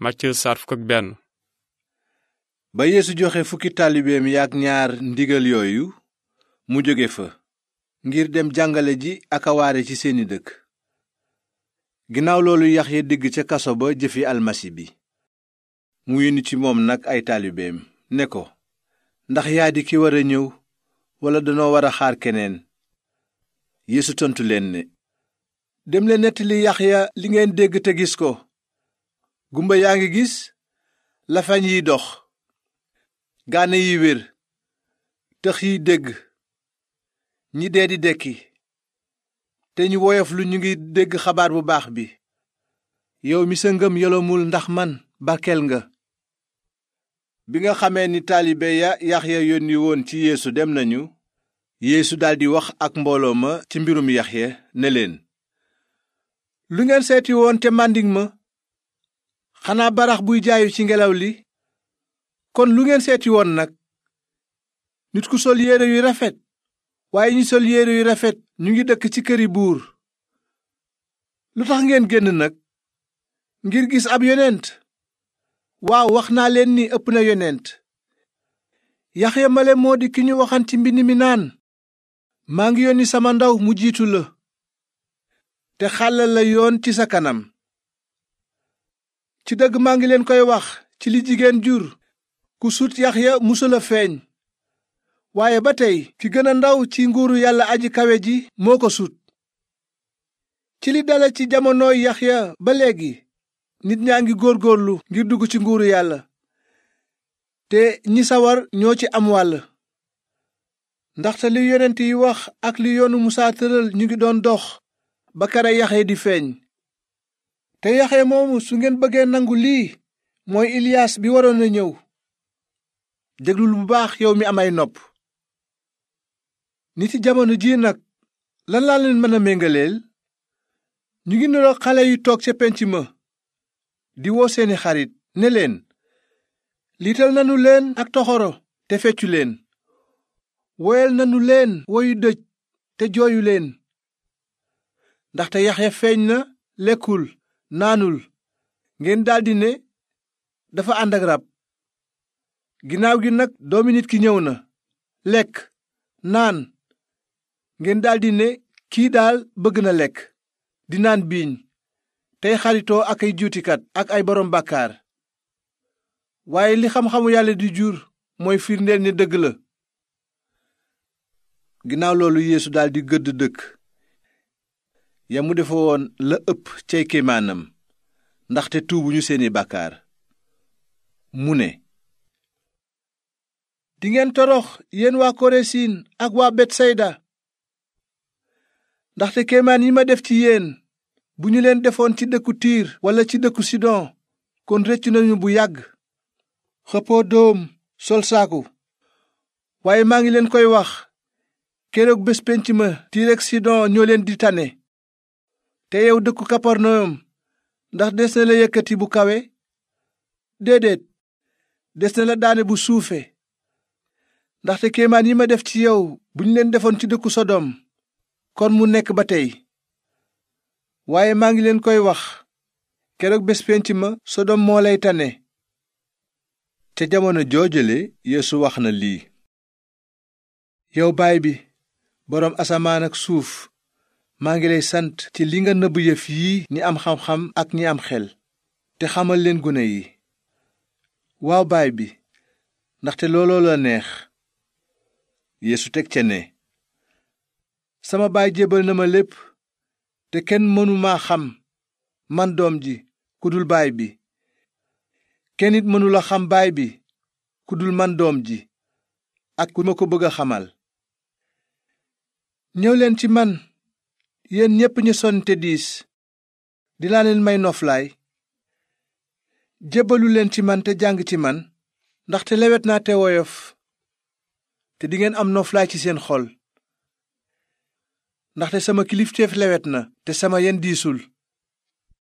Màcc saar benn. ba yeesu joxe fukki taalibeem yaak ñaar ndigal yooyu mu jóge fa ngir dem jàngale ji ak a waare ci seeni dëkk ginnaaw loolu Yaxya digg ca kaso ba jëfi almasi bi mu yónni ci moom nag ay taalibeem ne ko ndax yaa di ki war a ñëw walla danoo war a xaar keneen yeesu tontu leen ne dem leen nettali Yaxya li ngeen dégg te gis ko gumba yaa ngi gis lafañ yi dox gaane yi wér tëx yi dégg ñi dee di dekki te ñu woyof lu ñu ngi dégg xabaar bu baax bi yow mi sa ngëm yolomul ndax man barkeel nga bi nga xamee ni taalibe ya yaxya yónni woon ci yeesu dem nañu yéesu daldi wax ak mbooloo ma ci mbirum yax yaxya ne leen lu ngeen seeti màndik ma xanaa barax buy jaayu ci ngelaw li kon lu ngeen seeti woon nag nit ku sol yére yu rafet waaye ñu sol yére yu rafet ñu ngi dëkk ci këri buur lu tax ngeen génn nag ngir gis ab yonent waaw wax naa leen ni ëpp na yonent yaxya male moo di ki ñu waxan ci mbind mi naan maa ngi yónni sama ndaw mu jiitu la te xàllal la yoon ci sa kanam ci dëgg maa ngi leen koy wax ci li jigéen jur ku sut Yaxya musula feeñ waaye ba tey ki gën a ndaw ci nguuru yàlla aji kawe ji moo ko sut ci li dale ci yax ya ba léegi nit ñaa ngi góor góorlu ngir dugg ci nguuru yàlla te ñi sawar ñoo ci am wàll ndaxte li yonent yi wax ak li yoonu Musaa tëral ñu ngi doon dox ba kere Yaxya di feeñ te yaxe moomu su ngeen bëggee nangu lii mooy iliyaas bi waroon a ñëw déglul bu baax yow mi am ay nopp nit ci jamono jii nag lan laa leen mën a méngaleel ñu ngi niroog xale yu toog ca penc ma di woo seeni xarit ne leen liital nanu leen ak toxoro te feccu leen woyal nanu leen woyu dëj te jooyu leen ndaxte yax ya feeñ na lekkul naanul ngeen daldi ne dafa ànd ak rab ginnaaw gi nag doomi nit ki ñëw na lekk naan ngeen daldi ne kii daal bëgg na lekk di naan biiñ tey xaritoo ak ay juutikat ak ay borom bàkkaar waaye li xam-xamu yàlla di jur mooy firndeel ni dëgg la ginnaaw loolu yeesu daldi gëdd dëkk ya mu defe woon la ëpp cay kéemaanam ndaxte tuubuñu seeni bàkkaar mu ne dingeen torox yéen waa koresin ak waa betsayda ndaxte kéemaan yi ma def ci yéen bu ñu leen defoon ci dëkku tiir walla ci dëkku sidon kon rëcc nañu bu yàgg xëppoo doom sol saaku waaye maa ngi leen koy wax keroog bés penc ma tiir ak sidon ñoo leen di tane te yow dëkku kaparnayom ndax des na la yëkkati bu kawe déedéet des na la daane bu suufe ndaxte kéemaan yi ma def ci yow buñ leen defoon ci dëkku sodom kon mu nekk ba tey waaye maa ngi leen koy wax keroog bés pénc ma sodom moo lay tane ca jamono joojale yeesu wax na lii yow baay bi boroom asamaan ak suuf maa ngi lay sant ci li nga nëbb yëf yii ñi am xam-xam ak ñi am xel te xamal leen gune yi waaw baay bi ndaxte looloo la neex yéesu teg ca ne sama baay jébbal na ma lépp te kenn mënu xam man doom ji ku dul baay bi kenn it mënula xam baay bi ku dul man doom ji ak ku ma ko bëgg a xamal ñëw leen ci man yéen ñépp ñu sonn te diis dinaa leen may noflaay jébbalu leen ci man te jàng ci man ndaxte lewet naa te woyof te dingeen am noflaay ci seen xol ndaxte sama kilifteef lewet na te sama yen diisul